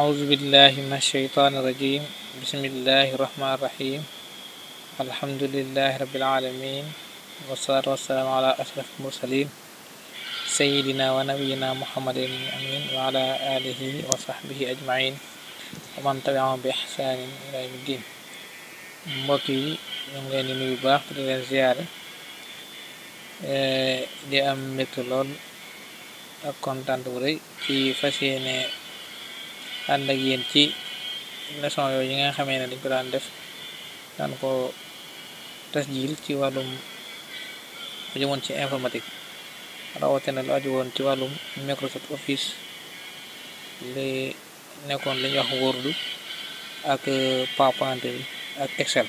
أعوذ بالله من الشيطان الرجيم بسم الله الرحمن الرحيم الحمد لله رب العالمين والصلاة والسلام على أشرف المرسلين سيدنا ونبينا محمد الأمين وعلى آله وصحبه أجمعين ومن تبعهم بإحسان إلى يوم الدين mbokk yi ñu ngi leen di nuyu bu baax di leen ziyaare di am mbégte lool ak kontaan bu rëy ci fas yéene ànd ak yéen ci leçon yooyu yi nga xamee ne dañ ko daan def daan ko tasjil ci wàllum lu ci informatique rawatina lu aju ci wàllum Microsoft Office li nekkoon li ñuy wax Word ak euh, PowerPoint bi ak Excel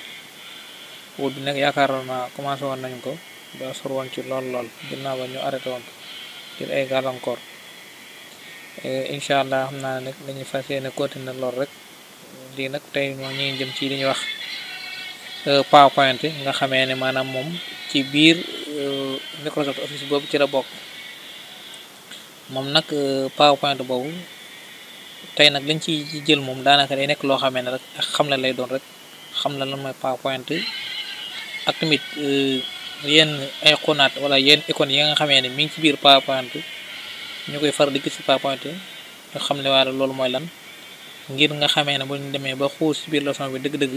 Word bi nag yaakaaroon naa commencé woon nañ ko ba sor woon ci lool lool ginnaaw ba ñu arrêté woon ko ngir ay gàllankoor Eh, incha allah xam naa nag dañuy fas yéene continuer lool rek lii nag tey moo ñuy jëm ci li ñuy wax eh, PowerPoint nga xamee ne maanaam moom ci biir eh, Microsoft Office boobu ci la bokk moom nag PowerPoint boobu tey nag liñ ci jël moom daanaka day nekk loo xamee ne rek xam la lay doon rek xam la lan mooy PowerPoint ak tamit yenn ay wala yen icônes yi nga xamee ne mi ngi ci biir PowerPoint ñu koy faral di gis ci PowerPoint ñu xam ne waa loolu mooy lan ngir nga xamee ne bu ñu demee ba xuus ci biir leçon bi dëgg-dëgg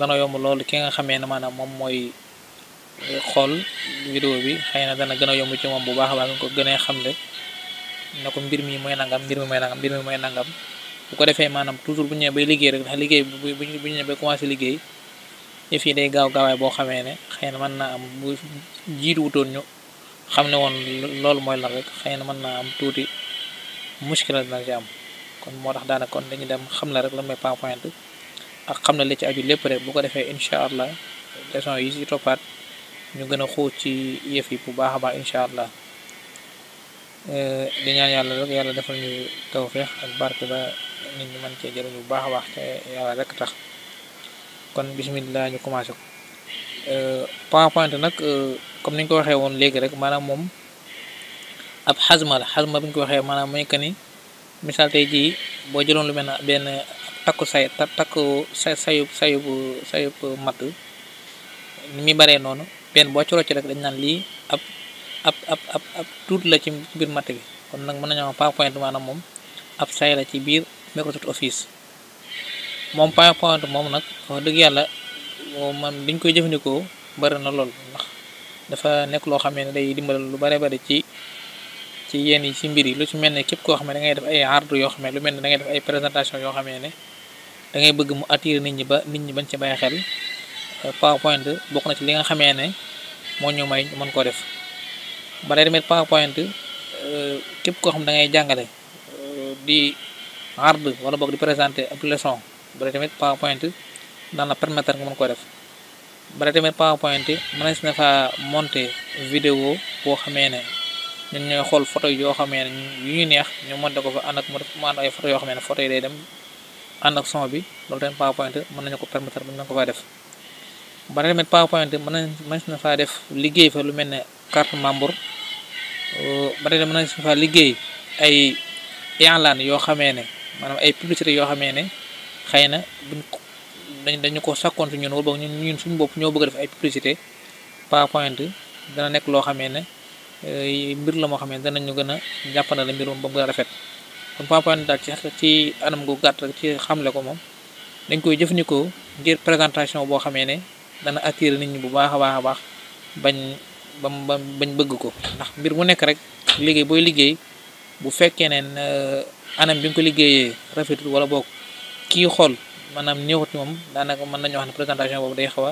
dana yomb loolu ki nga xamee ne maanaam moom mooy eh, xool vidéo bi xëy na dana gën a yomb ci moom bu baax a baax ko gën a xam ne ne ko mbir mii mooy nangam mbir mi mooy nangam mbir mi mooy nangam bu ko defee maanaam toujours bu ñëwee bay liggéey rek ndax liggéey bu bu ñu ñëwee bay commencé liggéey yëf yi day gaaw gaawaay boo xamee ne xëy na naa am bu jiitu xam ne woon loolu mooy lan rek xëy na mën naa am tuuti muskila dina ci am kon moo tax daanaka kon dañu dem xam na rek lan mooy point point ak xam ne li ci aju lépp rek bu ko defee incha allah leçon yi ci toppaat ñu gën a ci yëf yi bu baax a baax incha allah euh, di ñaan yàlla rek yàlla defal ñu feex ak bark ba nit man mën cee jëriñu bu baax a baax te yàlla rek tax kon bismillah ñu commencé ko euh, point point nag. Euh, comme ni ñu ko waxee woon léegi rek maanaam moom ab xasma la xasma biñ ko waxee maanaam mooy que ni misaal tey jii boo jëloon lu mel ne benn takku say takku say sayub sayub sayub matt ni muy baree noonu benn boo ci rocc rek dañ naan lii ab ab ab tuut la ci biir mat bi kon nag mën nañoo PowerPoint maanaam moom ab say la ci biir Microsoft Office moom PowerPoint moom nag wax dëgg yàlla man biñ koy jëfandikoo bari na lool. dafa nekk loo xam ne day dimbal lu bare bare ci ci yenn yi ci mbir yi lu ci mel ne képp koo xam ne da ngay def ay ardu yoo xam ne lu mel ne da def ay présentation yoo xam ne da ngay bëgg mu attirer nit ñi ba nit ñi bañ ci bàyyi xel euh, PowerPoint bokk na ci li nga xamee ne moo ñu may mën koo def ba day tamit PowerPoint euh, képp koo xam da ngay jàngale euh, di ard wala boog di présenter ab leçon ba day tamit PowerPoint daan la permettre nga mën koo def bala tamit powerpoint mënees na faa ah, monter vidéo boo xamee ne ñun ñooy xool photo yoo xamee ne yu ñu neex ñu monter ko fa ànd ak mu and ay photo yoo xamee ne photo yi day dem ànd ak son bi loolu tamit powerpoint mën nañu ko permettre mën nañu ko faa def bala tamit powerpoint mën nañ mënees na faa def liggéey fa lu mel ne carte membre euh, ba tey mën na fa liggéey ay ianlaan yoo xamee ne maanaam ay publicité yoo xamee ne xëy na dañ dañu ko sakkoon si ñun wala boog ñun ñun suñu bopp ñoo bëgg a def ay publicité point dana nekk loo xamee ne eh, mbir la moo xam ne danañu gën a jàppandale mbir moom ba mu rafet kon PowerPoint daal ci ci anam gu gàtt rek ci xamle ko moom dañ koy jëfandikoo ngir présentation boo xamee ne dana attirer nit ñi bu baax a baax a baax bañ ba bañ bëgg ko ndax mbir mu nekk rek liggéey booy liggéey bu fekkee ne eh, anam bi nga ko liggéeyee rafetul wala boog kii xool maanaam ñëwut moom daanaka mën nañu wax ne présentation boobu day xaw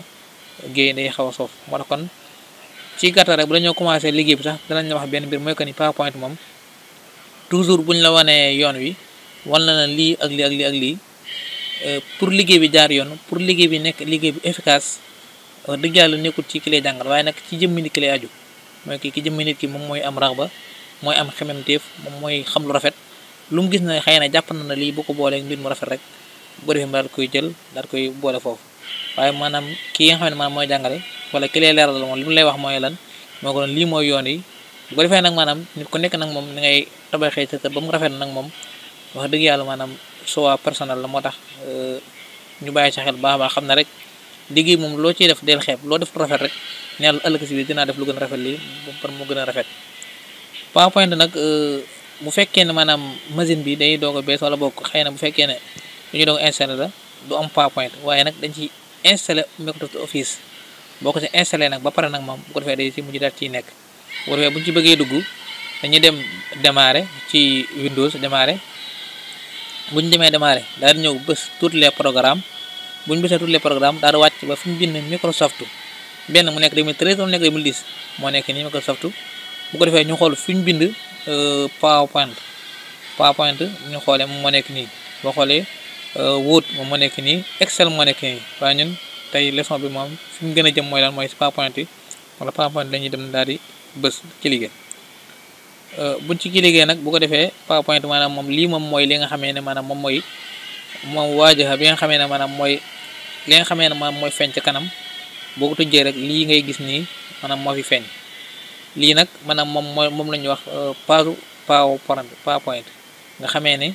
géey day xaw a soof moo tax kon ci gàttal rek bu dañoo commencé liggéey bi sax danañ la wax benn mbir mooy que ni PowerPoint moom toujours buñ la wanee yoon wi wan la na lii ak lii ak lii ak euh, pour liggéey bi jaar yoon pour liggéey bi nekk liggéey bi efficace wax dëgg yàlla ci ki lay waaye nag ci jëmmi nit ki lay ki jëmmi ki moom mooy am rax ba mooy am xememteef moom mooy xam lu rafet lu mu gis na xëy na jàpp na na lii bu ko boolee mbir mu rafet rek bu ko defee mu daal koy jël daal koy boole foofu waaye maanaam ki nga xam ne maanaam mooy jàngale wala ki lay leeral moom li mu lay wax mooy lan moo ko a lii mooy yoon yi ba mu rafet nag moom wax dëgg yàlla maanaam choix personnel la moo tax euh, ñu bàyyi sa xel baa baa xam ne rek liggéey moom loo ci def del xeeb loo def rafet rek neel ëllëg si dinaa def lu gën a rafet lii par mu gën a rafet point nag euh, bu fekkee ne maanaam machine bi day doog a bees wala boog xëy na bu fekkee ne lu ñu doon installé la du am PowerPoint dañ ci installé Microsoft Office boo ko ci installé nag ba pare nag moom bu ko defee day ci mujj daal ciy nekk bu ko defee bu dugg dañuy dem démarrer ci Windows démarrer bu ñu demee démarrer daal ñëw bés toutes les programmes bu ñu bésee tous les programmes daal di wàcc ba fi mu bind Microsoft benn mu nekk 2013 mu nekk 2010 moo nekk nii Microsoft bu ko defee ñu xool fi ñu bind euh, PowerPoint PowerPoint ñu xoolee moo nekk nii boo xoolee. Euh, Word moom moo nekk nii Excel moo nekk nii waaye ñun tey leçon bi moom fi mu gën a jëm mooy lan mooy PowerPoint yi wala PowerPoint la ñuy dem daal di bës ci liggéey euh, buñ ci liggéey nag bu ko defee PowerPoint maanaam moom lii moom mooy li nga xamee ne maanaam moom mooy moom waajaxa bi nga xamee ne maanaam mooy li nga xamee ne maanaam mooy feeñ ci kanam boo ko tujjee rek lii ngay gis nii maanaam moo fi feeñ lii nag maanaam moom mooy moom la ñuy wax euh, page PowerPoint nga xamee ne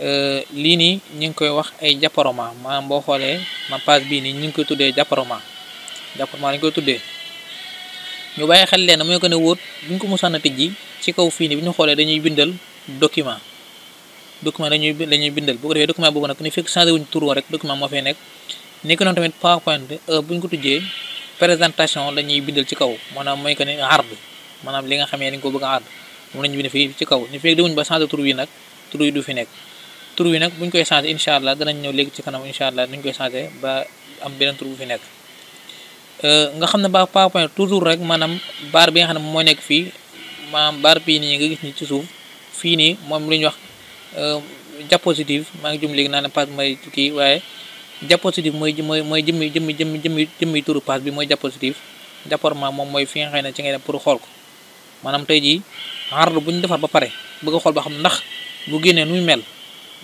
Euh, lii nii ñu ngi koy wax ay japaroma maanaam boo xoolee ma page bii nii ñu ngi koy tuddee japaroma japaroma lañ koy tuddee ñu bàyyi xel leen mooy ko ne wóot bu ñu ko musaan a tijji ci kaw fii nii bu ñu xoolee dañuy bindal document document dañuy dañuy bindal bu ko defee document boobu nag ni fekk changé wuñ tur rek document moo fay nekk ni ko noonu tamit PowerPoint euh, bu ñu ko tijjee présentation lañuy bindal ci kaw maanaam mooy ko ne ard maanaam li nga xamee ni ko bëgg a ard moom lañu bind fii ci kaw ni fekk demuñ ba changé tur wi nag tur yi du fi nekk tur wi nag bu ñu koy changé incha allah danañ ñëw léegi ci kanam incha allah nuñ koy changé ba am beneen tur bu fi nekk euh, nga xam ne ba PowerPoint toujours rek maanaam baar bi nga xam ne moo nekk fii maanaam baar bi nii nga gis ni ci suuf fii nii moom lu ñuy wax euh, diapositive maa ngi jum léegi naa ne page mooy kii waaye diapositive mooy mooy mooy jëmmi jëmmi jëmmi jëmmi jëmmi turu page bi mooy diapositive diaporama moom mooy fi nga xam ne ci ngay pour xool ko maanaam tey jii xarlu bu ñu defar ba pare bëgg a xool ba xam ndax bu génnee nuy mel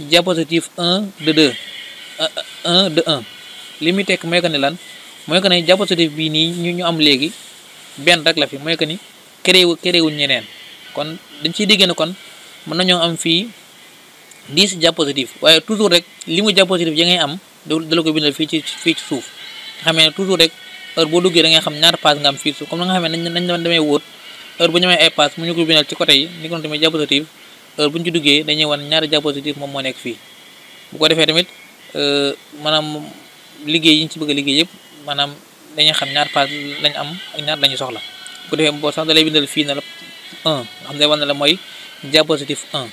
diapositive 1 de 2 1 de 1 li mi tekk mooy que ne lan mooy que ne diapositive bii nii ñu ñu am léegi benn rek la fi mooy que ni créé wu créé wuñ ñeneen kon dañ ciy diggee ne kon mën nañoo am fii 10 diapositive waaye toujours rek li mu diapositive ya ngay am da ko bindal fii ci fii ci suuf xam ne toujours rek heure boo duggee da xam ñaar pass nga am fii suuf comme na nga xam ne nañ nañ demee wóot heure bu ñu may ay pass mu ñu ko bindal ci côté heure bu ñu ci duggee dañuy wan ñaari diapositive moom moo nekk fii bu ko defee tamit euh, maanaam liggéey yi ñu ci bëgg liggéey yëpp maanaam dañuy xam ñaar page lañ am ak ñaar lañu soxla bu ko defee boo sax da lay bindal fii na la xam ne wan na la mooy diapositive 1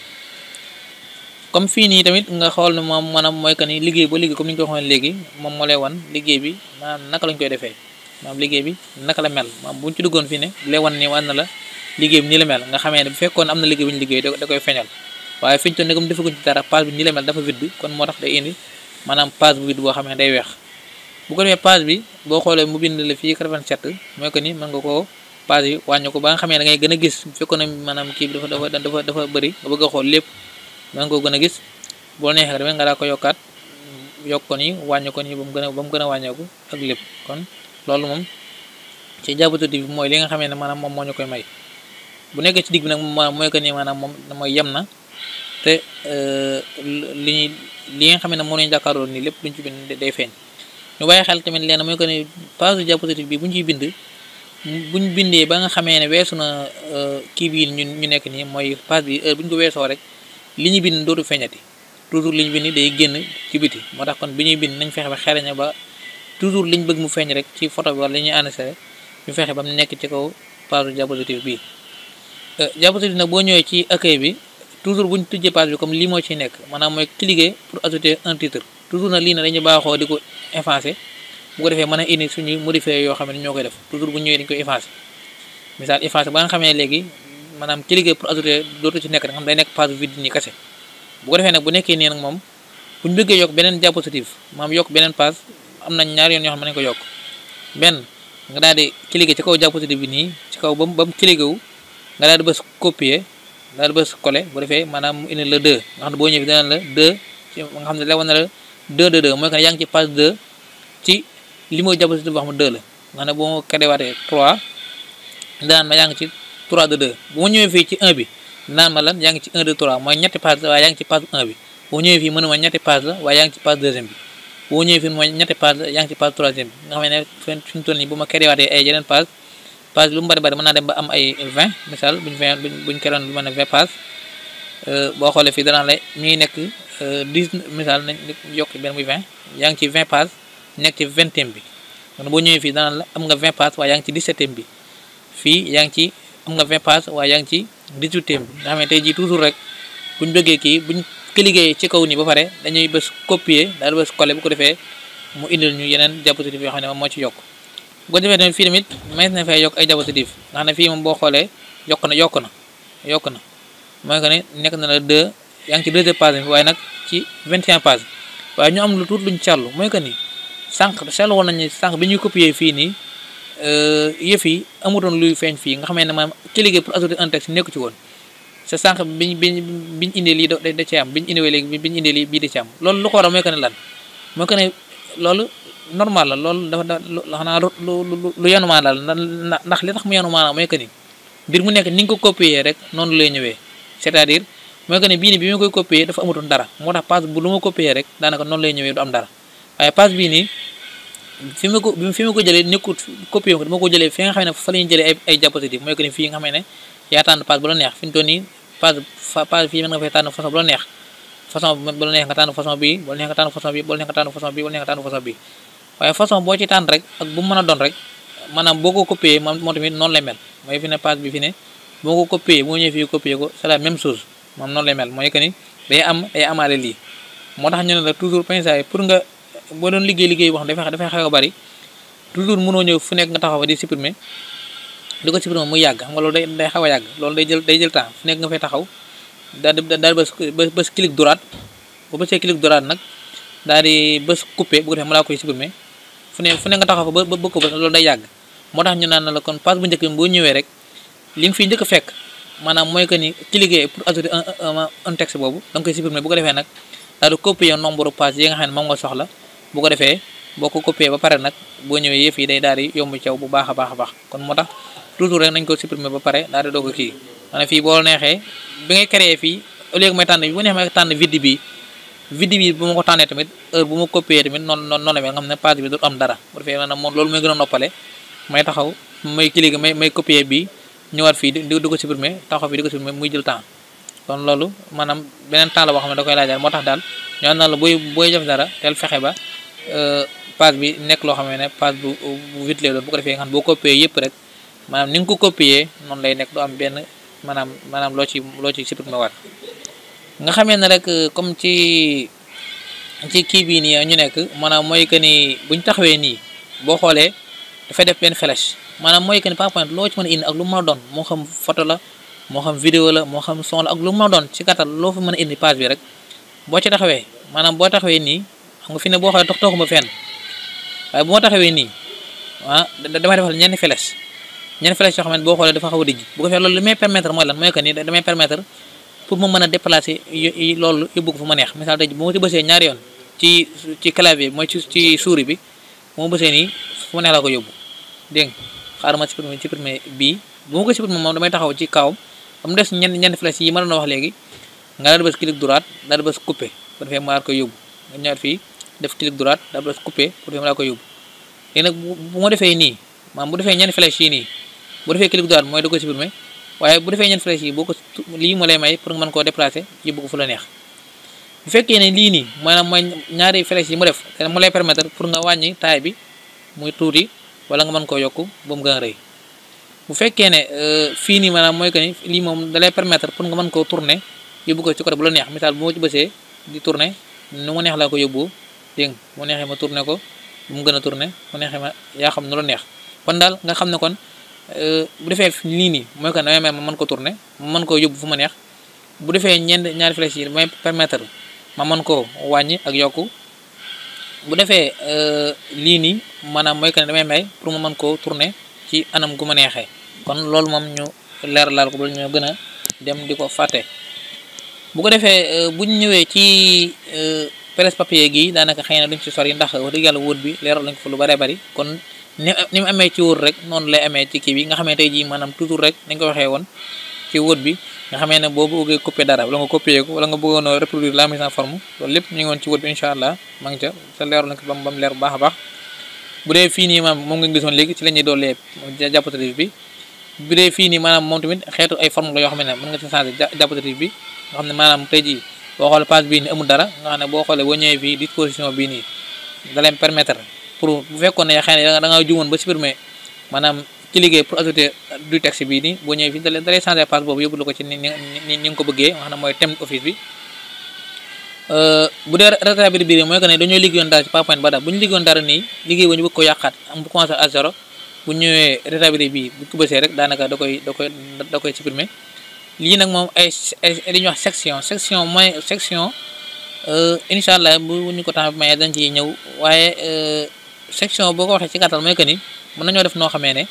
comme fii nii tamit nga xool ne moom maanaam mooy que ni liggéey ba liggéey comme ni ñu ko waxoon léegi moom moo lay wan liggéey bi maanaam naka lañ koy defee maanaam liggéey bi naka la mel maanaam bu ñu ci duggoon fii ne lay wan ni wan na la liggéey bi nii la mel nga xamee ne bu fekkoon am na liggéey bu ñu liggéey da koy feñal waaye fiñ toll ne comme defaguñ ci day indi maanaam page bi boo xoolee mu bind la fii 87 mooy ko ni mën nga koo page yi wàññi ko ba nga xamee da ngay gën a gis bu fekkoon dafa dafa dafa nga bëgg a xool lépp mën nga koo gën a gis boo neexee rek nga daa ko yokkaat yokk ko nii wàññi ko nii ba mu gën a ba mu gën a wàññeeku ak lépp kon loolu moom ci Diaby Tour bi mooy li nga xamee ne maanaam moom moo ñu koy may bu nekkee ci digg bi nag maanaam mooy que ni maanaam moom mooy yem na te euh, li ñuy li nga xam ne moom la nii lépp luñ ci bind day feeñ ñu bàyyi xel tamit leen mooy que ni phase du diapositive bi bu ñu ciy bind bu buñ bindee ba nga xamee ne weesu na euh, kii bii ñu ñu nekk nii mooy phase bi heure bu ñu ko weesoo rek li ñuy bind dootu feeñati toujours li ñu bind day génn ci biti moo tax kon bi ñuy bind nañ fexe ba xereña ba toujours ñu bëgg mu feeñ rek ci photo bi wala li ñuy enregistré ñu fexe ba mu nekk ci kaw phase du diapositive bii diapositive euh, nag boo ñëwee ci accueil bi toujours buñ tujjee page bi comme lii moo ciy nekk maanaam mooy cliquer pour ajouter un titre toujours nag lii na dañu baaxoo di ko effacer bu ko defee mën a indi suñuy modifier yoo xam ne ñoo koy def toujours bu ñëwee dañu koy effacer misaal effacer xamee léegi maanaam cliquer pour ajouter dootu ci nekk nga xam day nekk page vide nii kese bu ko defee nag bu nekkee nii nag moom bu ñu bëggee yokk beneen diapositive maanaam yokk beneen page am nañ ñaar yoon yoo xam ne nañ ko yokk benn nga daal di cliquer ci kaw diapositive bi nii ci kaw ba mu ba mu cliquer wu nga daal di bës copier daal di bës coller bu defee maanaam mu la 2 nga xam ne boo ñëwee dana la 2 ci nga ne lewoon na la 2 2 2 mooy que ne ci page 2 ci li mooy diapositive boo xam ne la nga xam ne boo ma créé waatee 3 danaan ma de la waaye yaa ngi ci page 1 bi boo ñëwee fii mënuma ñetti page la waaye yaa ngi ci page deuxième bi boo ñëwee ma créé waatee ay yeneen page lu mu bari bari mën naa dem ba am ay 20 misaal buñ 20 buñ buñ keroon lu mel ne 20 page boo xoolee fii danaa la ñuy nekk 10 euh, misaal nañ yokk benn muy 20 yaa ngi ci 20 page nekk ci 20e bi boo ñëwee fii danaa la am nga 20 page waaye yaa ci 17e bi fii yaa ngi ci am nga 20 page waaye yaa ngi ci 18e bi nga xam ne tey jii toujours rek buñ jógee kii buñ cliquer ci kaw nii ba pare dañuy bës copier daal bës coller bu ko defee mu indil ñu yeneen diapositive yoo xam ne moom moo ci yokk bu ko tamit fii tamit may na fay yokk ay diapositive nga xam ne fii moom boo xoolee yokk na yokk na yokk na mooy que ne nekk na la deux yaa ngi ci deuxième page bi waaye nag ci vingt et un page waaye ñu am lu tuut luñ carlu mooy que ni sànq seetlu woon nañu sànq bi ñuy copier fii nii euh, yëf yi amutoon luy feeñ fii nga xamee ne maanaam cliquer pour ajouter un texte nekku ci woon sa sànq biñ biñ biñ indee lii da da cee am biñ indiwee léegi de indee lii bii da am loolu lu ko waral mooy que ne lan mooy que ne loolu normal la lool dafa da xanaa lu lu yenu maanaam la ndax li tax mu yenu maanaam mooy que mbir mu nekk ni nga ko copier rek noonu lay ñëwee c'est-à-dire mooy que ni bii nii bi ma koy copier dafa moo tax page lu ma copier rek daanaka noonu lay ñëwee du am dara waaye page bii nii fi ma ko fi ma ko jëlee nekkut copier ko dama ko jëlee ne fa jëlee fii nga xam ne yaa tànn page bu la neex fi mu toll nii page page fii mën nga fay façon bu la neex nga tànn façon bi waaye façon boo ci tànn rek ak bu mën a doon rek maanaam boo ko copier moom moo tamit noonu lay mooy fi ne page bi fi ne boo ko copier boo ko la même chose moom noonu mooy que ni day am day moo tax ñu ne la toujours pinsa yi pour nga boo doon liggéey liggéey boo xam dafay dafay xaw a bari toujours mënoo ñëw fu nekk nga taxaw fa di supprimer du ko supprimer mu yàgg xam nga loolu day day xaw a yàgg loolu day jël day jël temps fu nekk nga fay taxaw daal di daal bës bës clic boo ba bësee clic droit nag daal di bës coupé bu ko defee mu koy supprimer fu ne fu ne nga taxaw fa ba ba ko bës loolu day yàgg moo tax ñu naan la kon passe bu njëkk bi boo ñëwee rek li nga fiy njëkk fekk maanaam mooy que ni cliquer pour ajouter un un texte boobu bu ko defee nag daal di copier nombre passe yi xam ne moom nga soxla bu ko defee boo ko copier ba pare nag boo ñëwee yëf yi day daal di yomb caw bu baax a baax a baax kon moo tax toujours rek nañ ko supprimer ba pare daal di doog a kii maanaam fii boo neexee bi ngay créé fii au lieu que may tànn bi bu neexee may tànn vide bi vidéo bi bu ma ko tànnee tamit heure bu ma copier tamit noonu noonu noonu la mel nga xam ne page bi du am dara bu defee maanaam moom loolu mooy gën a noppale may taxaw may cliquer may may copier bi ñëwaat fii di di ko supprimer taxaw fii di ko supprimer muy jël temps kon loolu maanaam beneen temps boo xam ne da koy laajal moo tax daal ñoo na la booy booy def dara teel fexe ba euh, page bi nekk loo xam ne page bu bu vite lay doon bu ko defee nga xam boo copier yëpp rek maanaam ni nga ko copier noonu lay nekk du am benn maanaam maanaam loo ci loo ci supprimer waat nga xamee ne rek euh, comme ci ci kii bii nii ñu nekk maanaam mooy que ni buñ taxawee nii boo xoolee dafay def benn flèche maanaam mooy que ni PowerPoint loo ci mën indi ak lu mën doon moo xam photo la moo xam vidéo la moo xam son ak lu mën a doon ci gàttal loo fi mën a indi page bi rek boo ci taxawee maanaam boo taxawee nii xam nga fi ne boo xoolee tox toxuma fenn waaye bu taxawee nii ah damay defal a digg bu ko fee loolu li may permettre mooy lan mooy pour ma mën a déplacer loolu yóbbu ko fu ma neex misaal tey bu ma ci bësee ñaari yoon ci ci clavier bi mooy ci ci souris bi bu ma bësee nii fu ma neex laa ko yóbbu dégg xaaral ma supprimer supprimer bii bu ma ko supprimer moom damay ma ma koy yóbbu bu ma defee nii maanaam bu defee ñenn flèche yi nii bu defee clic droit mooy da koy supprimer waaye bu defee ñeent flèche yi boo ko lii mu lay may pour nga mën koo déplacer yóbbu ko fu la neex bu fekkee ne lii nii maanaam mooy ñaari flèche yi mu def te lay permettre pour nga wàññi taay bi muy tuuti wala nga mën koo yokk ba mu gën a rëy bu fekkee ne euh, fii nii maanaam mooy que lii moom da lay permettre pour nga mën koo tourner yóbbu ko ci côté bu la neex misaal bu ma ci bësee di tourner nu mu neex laa ko yóbbu dégg mu neexee ma tourner ko mu gën a tourner mu neexee ma yaa xam nu la neex kon daal nga xam ne kon bu defee lii nii mooy que damay may ma mën ko tourner ma mën koo yóbbu fu ma neex bu defee ñeent ñaari flèche yi may permettre ma man koo wàññi ak yokk bu defee euh, lii nii maanaam mooy que damay may pour ma mën koo tourner ci anam gu ma neexee kon loolu moom ñu leer laal ko ba ñu gën a dem di ko fàtte bu ko defee euh, bu ñu ñëwee ci euh, presse papier gi daanaka xëy na duñ ci yi ndax wax dëgg yàlla wóot bi leeral lañ ko fa lu bëree bari kon ni mu amee ci wóot rek noonu lay amee ci kii bi nga xam ne tey jii maanaam toujours rek ni nga ko waxee woon ci wóot bi nga xamee ne boo bëggee copier dara wala nga copier ko wala nga bëggoon a reproduire la mise en forme loolu lépp ñu ngi woon ci wóot bi incha a baax bu léegi ci la ñuy doolee jàppatarif bi bu xeetu ay forme la yoo xam ne mën maanaam tey jii boo xoolee page bii ni amul dara nga xam ne boo xoolee boo ñëwee fii disposition bi nii da leen pour bu fekkoon ne xëy na da ngaa juumoon ba supprimer maanaam ci liggéey pour ajouter du texte bii nii boo ñëwee fii da lay changer page boobu yóbbu la ko ci ni ni ni ko bëggee mooy thème office bi euh, bu dee rétablir biir mooy que ne dañoo liggéeyoon dara ci PowerPoint ba daal bu ñu ñëwee rétablir bii bu ko rek daanaka da koy da koy da koy supprimer lii nag moom ay li ñuy wax section section mooy section euh, incha allah bu ñu ko temps bi a dañ ci ñëw waaye euh, section boo ko waxee ci gàttal mooy que ni mën nañoo def noo xamee ne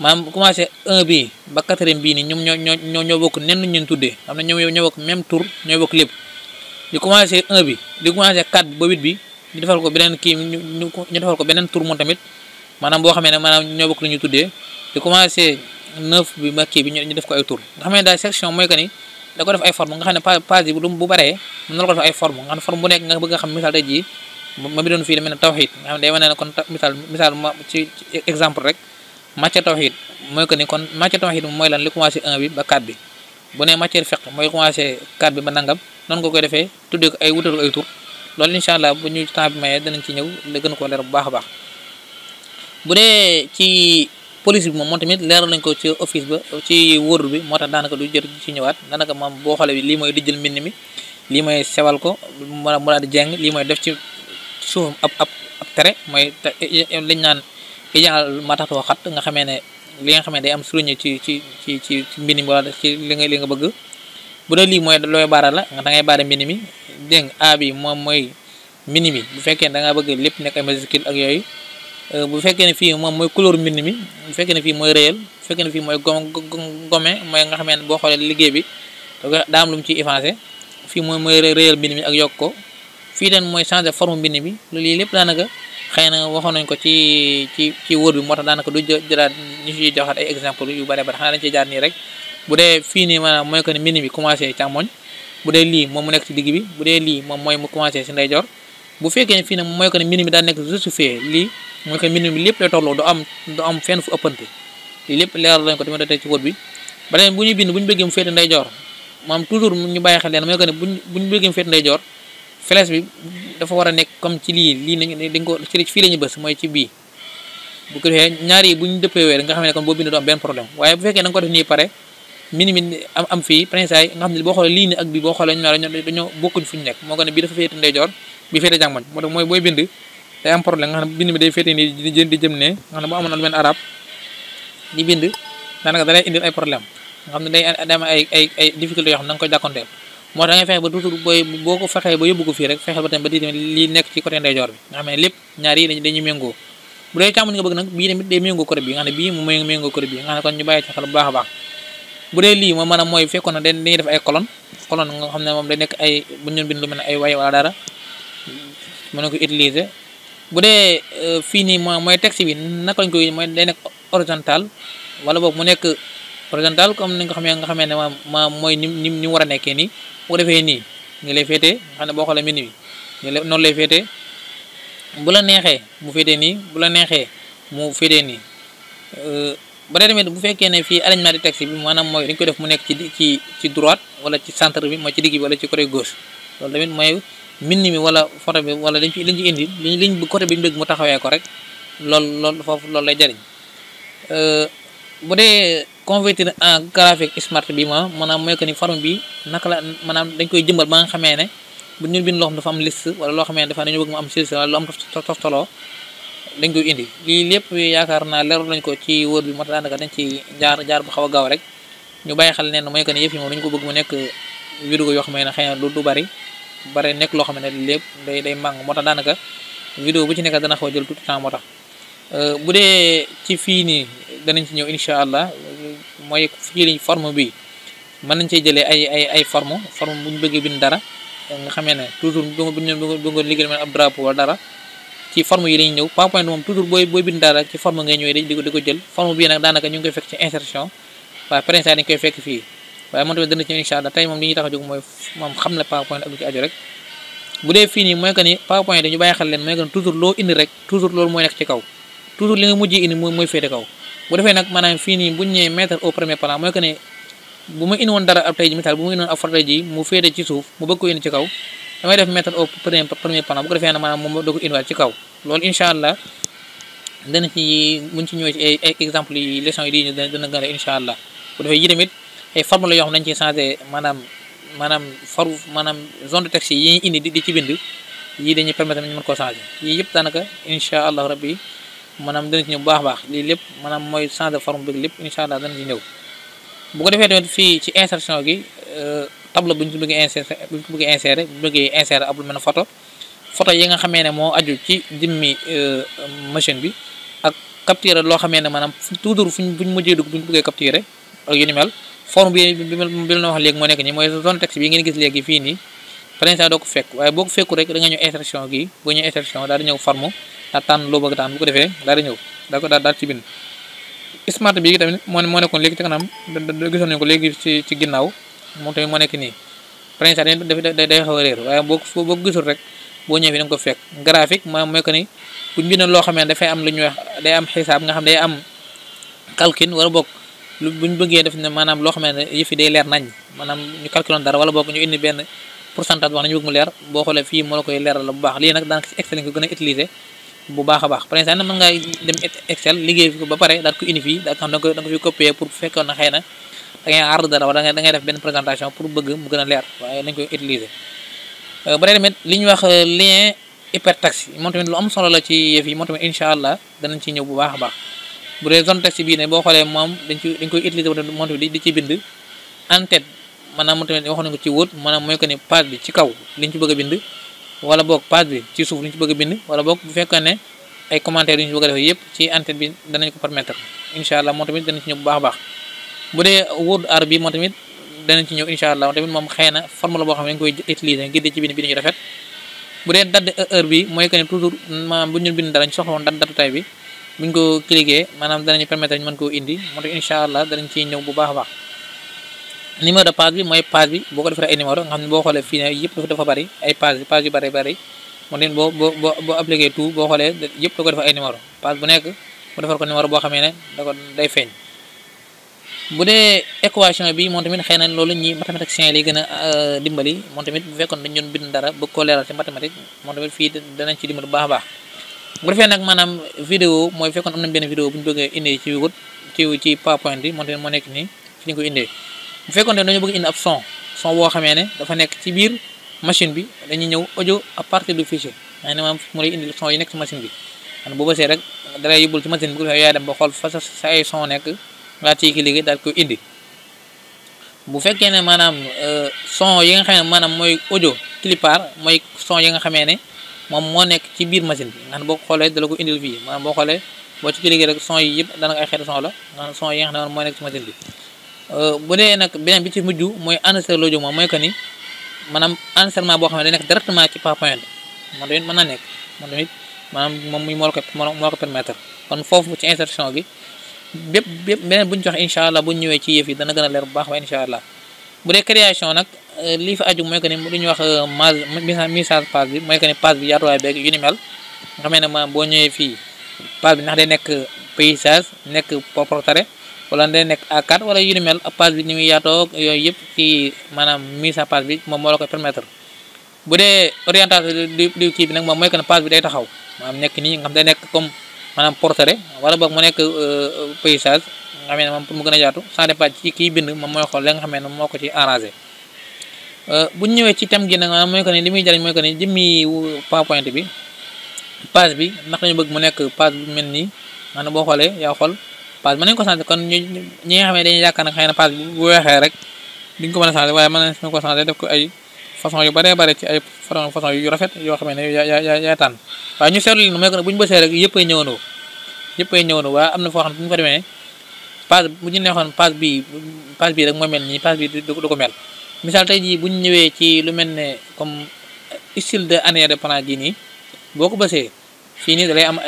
maanaam commencé un ba quatrième bii nii ñoom ñoo ñoo ñoo bokk nenn ñun tuddee xam ne ñoom ñoo bokk même tour ñoo bokk lépp di commencé un bi di commencé quatre ba bi ñu defal ko beneen kii ñu defal ko beneen tour moom tamit maanaam boo xamee ne maanaam ñoo bokk li ñu tuddee di commencé neuf bi ba kii bi ñu def ko ay tour nga xam ne daal section mooy que ni da def ay forme nga xam ne page yi bu baree mën na la ko def ay forme nga xam ne forme bu ma bi doon fii demee ne tawxiid nga xam ne day wane ne kon misaal misaal ma ci mooy que ni kon matière tawxiid mooy lan li commencé ba 4 bi mooy commencé 4 bi ba nangam noonu nga koy defee tuddee ko ay wutal ko ay allah bu ñu temps bi danañ ci ñëw la gën koo bu baax a baax bu dee ci police bi moom moom tamit leeral nañ ko ci office ba ci wóor bi moo tax daanaka du jër ci ñëwaat daanaka moom boo xoolee lii mooy dijjal mbind mi lii mooy sewal ko mu daal di jàng lii mooy def ci suufam ab ab ab tere mooy liñ naan ijaal mataxtoo xat nga xamee ne li nga xamee day am suruñe ci ci ci ci ci mbind mi wala ci li nga li nga bëgg bu dee lii mooy looy baara la da ngay baara mbind mi dégg nga a bi moom mooy mbind mi bu fekkee ne da ngaa bëgg lépp nekk ay majuscule ak yooyu euh, bu fekkee ne fii moom mooy couleur mbind mi bu fekkee ne fii mooy réel bu fekkee ne fii mooy gom gome mooy nga xamee ne boo xoolee liggéey bi da daa am lu mu fii mooy mooy réel mi ak yokk ko fii ren mooy changer forme mbind mi lii lépp daanaka xëy na waxoon nañ ko ci ci ci wóor bi moo tax daanaka du jo ñu ciy joxaat ay exemple yu bare bare xanaa dañ ciy jaar nii rek bu dee fii nii maanaam mooy ko ne mbind bi commencé càmmoñ bu dee lii ci digg bi bu dee lii moom mooy mu commencé si ndeyjoor bu fekkee fii nag mooy ko ne mbind mi daa nekk justifié lii mooy ko ne mbind mi lépp lay tolloo du am du am fenn fu ëppante lii lépp leeral lañ ko tamit tey ci wóor bi ba bu ñu bind bu ñu bëggee mu féete ndeyjoor maanaam toujours ñu bàyyi xel leen mooy ko ne buñ flèche bi dafa war a nekk comme ci lii lii nañu dañ ko fii la bës mooy ci bii bu ko defee ñaar yi bu nga xam ne kon boo bind du am benn problème waaye bu fekkee da nga bi boo xoolee ñu ne dañoo bokkuñ fu ñu nekk moo ko ne bii koy jàkkoonteel moo tax ngay fexe ba toujours booy boo ko fexee ba yóbbu ko fii rek fexe ba tamit ba di tamit li nekk ci côté ndeyjoor bi nga xam ne lépp ñaar yi dañuy méngoo bu dee càmmoñ nga bëgg nag bii a baax moom maanaam mooy na dañuy def bu ñu bind lu mel ne ay na ko utiliser bu dee euh, fii nii mooy mooy texte bi naka lañ koy mooy day nekk horizontal wala boog mu nekk horizontal comme ni nga xamee nga xamee ne ma ma mooy ni ni mu war a nekkee nii bu ko defee nii nii lay féetee xam ne boo xoolee menu bi la noonu lay féetee bu la neexee mu féetee nii bu la neexee mu féetee nii ba tey tamit bu fekkee ne fii alignement de texte bi maanaam mooy dañ ko def mu nekk ci ci ci droite wala ci centre bi mooy ci digg bi wala ci côté gauche loolu tamit mooy mbind mi wala photo bi wala liñ fi liñ ci indi liñ liñ côté bi ñu mu taxawee ko rek loolu lool foofu loolu lay jariñ euh, bu dee convertir en graphique smart bi moom maanaam mooy que ni forme bi naka la maanaam dañ koy jëmbal ba nga xamee ne bu ñu bind loo xam dafa am wala loo xamee ne dafa dañu bëgg mu indi lii lépp yaakaar naa leer lañ ko ci wóor bi moo tax daanaka dañ jaar jaar bu xaw a gaaw rek ñu bàyyi xel neen mooy que ni yëf yi moom ko bëgg nekk vidéo yoo xam ne xëy na du du bari bari nekk loo xam ne lépp day day màng moo tax daanaka vidéo bu ci nekk dana xaw a jël tout temps moo tax euh, bu dee ci fii nii danañ ci ñëw incha allah mooy fii liñ forme bi mën nañ cee jëlee ay ay ay forme forme bu ñu bëggee bind dara nga xamee ne toujours bu ñu ñëw PowerPoint moom toujours booy booy ko di ko jël forme bii nag daanaka ñu ngi koy fekk ci insertion waaye prince dañ koy fekk fii waaye moom tamit dana ci incha allah tey moom li ñuy tax a jóg moom xam ne PowerPoint ak lu ci aju rek bu dee fii nii mooy que ni PowerPoint dañu bàyyi xel leen mooy que ni toujours loo indi rek toujours loolu mooy nekk ci kaw toujours li nga mujjee indi mooy féete kaw bu defee nag maanaam fii nii buñ ñëwee mettre au premier plan mooy que ne bu ma indi woon dara ab tey ji misaal bu ma indi woon ab photo ji mu féete ci suuf mu bëgg ko indi ci kaw damay dana ci buñ ci ñëwee ci ay exemple yi leçon yi di dana gën a incha allah bu defee ji tamit ay formule yoo xam nañ maanaam maanaam for maanaam zone de texte yi ñuy indi di ci bind yii dañuy permettre nañu mën koo changé yii yëpp daanaka incha allah rabbi maanaam dana ci ñëw baax baax lii lépp maanaam mooy change de forme bi lépp incha allah dana ci ñëw bu defee tamit fii ci insertion gi euh, tableau bu ñu ci bëgg insérer bu ñu bëgg insérer bu bëggee insérer ab lu mel ne photo yi nga xamee ne moo aju ci jëmmi euh, machine bi ak capturer loo xamee ne maanaam toujours fuñ buñ mujjee dugg buñ bëggee capturer ak yu ni mel forme bi bi bi la wax léegi moo nekk nii mooy zone texte bi ngeen gis léegi fii nii par exemple doo ko fekk waaye boo ko fekku rek da nga ñëw insertion gi boo ñëw insertion daal di ñëw forme daa tànn loo bëgg taan bu ko defee daal di ñëw daa ko daal daal ci bind smart bi tamit moo moo nekkoon léegi ci kanam gisoon nañu ko léegi ci ci ginnaaw moom tamit moo nekk nii prince tamit day day xaw a réer waaye boo ko boo ko gisul rek boo ñëwee da nga ko fekk graphique maanaam mooy que ni bu ñu bindoon loo xam ne dafay am lu ñuy wax day am xisaab nga xam day am calcul wala boog lu bu ñu bëggee def ne loo xam ne yëf yi day leer nañ maanaam ñu calculoon dara wala boog ñu indi benn pourcentage wax nañu bëgg mu leer boo xoolee fii moo la koy leeral la bu baax lii nag daanaka ci Excel ko gën a utiliser bu baax a baax par exemple mën ngaa dem Excel liggéey ko ba pare daal ko unifié daal xam da nga ko fi copier pour fekkoon na xëy na da dara wala da def benn présentation pour bëgg mu gën a leer waaye nañ koy utiliser. Euh, ba tey tamit li ñuy wax euh, lien hypertexte moom tamit lu am solo la ci yëf yi moom tamit incha allah danañ ci ñëw bu baax a baax bu dee zone texte bii ne boo xoolee moom dañ ci dañ koy utiliser moom tamit di ci bind en tête maanaam moom tamit waxoon ko ci wóot maanaam mooy que ni page bi ci kaw liñ ci bëgg a bind. wala boog page bi ci suuf lu ci bëgg a bind wala boog bu fekk ne ay commentaire yu ñu ci bëgg a defee yëpp ci antenne bi danañ ko permettre incha allah moom tamit danañ ci bu baax a baax bu tamit danañ ci ñëw incha allah moom tamit moom xëy na formule boo xam ne dañ koy utiliser ngir di ci bind bind ñu rafet bu dee date heure bi mooy que ne toujours maanaam bu ñu bind dara ñu soxla woon date datu tay bi bu ko cliquer maanaam danañu permettre ñu mën koo indi moo tax incha allah danañ ciy ñëw bu baax a baax numéro de page bi mooy page bi boo ko defee ay numéro nga xam ne boo xoolee fii ne yëpp dafa bëri ay page page yu bëri bëri mu neen boo boo boo appliqué tout boo xoolee yëpp da ko def ay numéro page bu nekk mu defar ko numéro boo xamee ne da ko day feeñ bu dee équation bi moom tamit xëy na loolu ñi mathématiciens yi gën a euh, dimbali moom tamit bu fekkoon dañ doon bind dara bëgg koo leeral ci mathématique moom tamit fii danañ ci dimbali bu baax a baax bu defee nag maanaam video mooy fekkoon am nañ benn vidéo bu ñu bëggee indee ci wut ci ci PowerPoint bi moom tamit moo nekk nii fi ñu ko indee bu fekkoon ne dañu bëgg indi ab son son boo xamee ne dafa nekk ci biir machine bi dañuy ñëw audio à partir du fichier yaa ne maanaam mu lay indil son yi nekk ci machine bi man bu bësee rek dalay yóbbul ci machine bi yaa dem ba xool fa sa sa ay son nekk ngaa ciy ki liggéey daal koy indi bu fekkee ne maanaam euh, son yi nga xam ne maanaam mooy audio clipart mooy son yi nga xamee ne moom moo nekk ci biir machine bi nga xam ne boo xoolee dala ko indil fii maanaam boo xoolee boo ci ki liggéey rek son yi yëpp daanaka ay xeetu son la maanaam son yi nga xam ne moo nekk ci machine bi Euh, bu dee nag beneen bi ci mujj mooy enregistré l'audio moom mooy que ni maanaam enregistrement boo xam ne day nekk directement ci PowerPoint man tamit mën naa nekk man maanaam moom muy moo ko moo ko permettre kon foofu ci insertion gi bépp bépp beneen bu ñu jox incha allah bu ñëwee ci yëf yi dana gën a leer bu baax ba incha allah bu dee création nag euh, lii fa aju mooy que ni lu ñuy wax euh, message message page bi mooy que ni page bi yaatuwaay beeg yu ni mel nga xam ne maanaam boo ñëwee fii page bi nax day nekk paysage nekk portrait wala day nekk a wala yu ni mel page bi ni muy yaatoo yooyu yëpp ci maanaam mise à page bi moom moo la koy permettre bu dee orientation du kii bi nag moom mooy que ne page bi day taxaw maanaam nekk xam day nekk comme maanaam portrait wala boog mu nekk euh, paysage xam ne moom pour mu gën a yaatu ça dépend ci kii bind moom mooy xool li xam moo ko ci arrangé euh, bu ñu ñëwee ci thème gi nag maanaam mooy que ne muy jariñ mooy que ne jëmmi PowerPoint bi page bi ndax dañu bëgg mu nekk page bu mel nii maanaam boo xoolee yaa xool. pass mën nañu ko changé kon ñu ñi nga xam ne dañuy yaakaar ne xëy na pass bu weexee rek duñ ko mën a waaye mën nañu ko changé def ko ay façon yu baree bare ci ay façon yu rafet yoo xam ne yaa yaa yaa tànn waaye ñu seetlu leen yëpp ay ñëwandoo yëpp ay ñëwandoo waaye am na foo xam ne bu ñu fa demee pass bu ñu neexoon pass bii pass bii rek moo mel nii pass bii du ko mel misaal tey jii bu ñu ñëwee ci lu mel ne comme style de année de plan jii nii boo ko bësee fii nii day am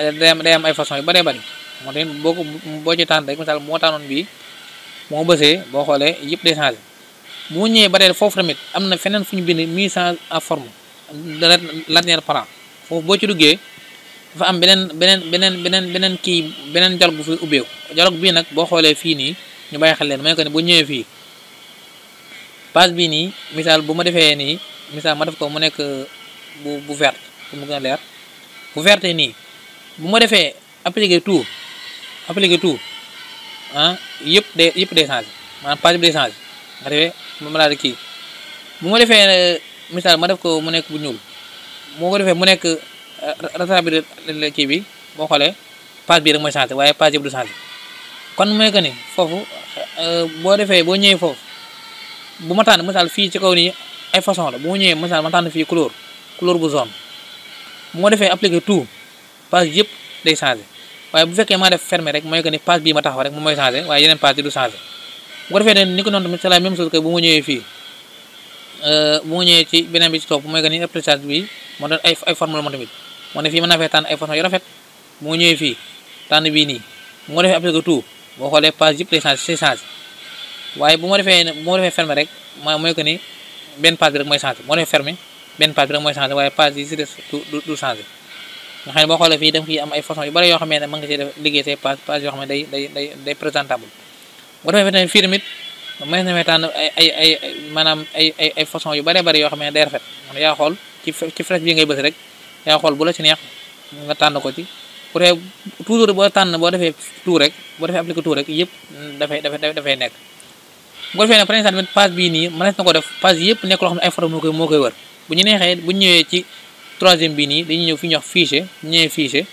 day am ay façon yu baree bari moo tax boo boo ci tànn rek misaal moo tànnoon bii moo bësee boo xoolee yëpp day changé moo ñëwee ba foofu tamit am na feneen fu ñu bind mise en forme l'arrière plan foofu boo ci duggee dafa am beneen beneen beneen beneen kii beneen dialogue bu fi bii nag boo xoolee fii nii ñu bàyyi leen may ko ne bu ñëwee fii page bii nii misaal bu ma defee nii misaal ma def ko mu nekk euh, bu bu verte a leer bu verte nii bu ma defee appliqué tout appliqué tout ah yëpp day yëpp de changé maanaam page bi day changé nga defee ma laal kii bu ma defee euh, misaal ma def ko mu nekk bu ñuul moo ko defee mu nekk euh, rattrapé kii bi boo xoolee page bi rek mooy changé waaye page yëpp du changé kon mu que ni foofu euh, boo defee boo ñëwee foofu bu ma tànn misaal fii ci kaw nii ay façon la bu ma ñëwee misaal ma tànn fii couleur couleur bu zone bu defee appliqué tout page yëpp day changé waaye bu fekkee maa def fermé rek mooy que ni page bii ma taxaw rek moom mooy changé waaye yeneen page yi du changé bu ko defee ne ma ñëwee fii euh, beneen bi ci topp mooy que ni apprentissage bi moo doon ay ay forme la moom tamit moo rafet bu ma tànn bii nii bu ma defee appliqué boo xoolee page yëpp lay changé c'est changé bu ma defee bu ma defee fermé rek ma mooy que ni benn page bi rek mooy changé bu ferme benn page bi rek mooy changé waaye page yi si des du du nga xam ne boo fii daf kii am ay façon yu bari yoo xam ne mën nga liggéey say page page yoo xam ne day day day day présentable bu ko defee tamit fii tamit mën na boo tànn boo defee tout rek boo defee appliqué tout rek yëpp dafay dafay dafay nekk bu ko defee nag par exemple page bii nii na ko def page yëpp nekk loo xam ne ay photo moo koy moo koy wër bu ñu neexee bu ñëwee ci troisième bii nii dañuy ñëw fi ñuy wax fichier ñëwee fichier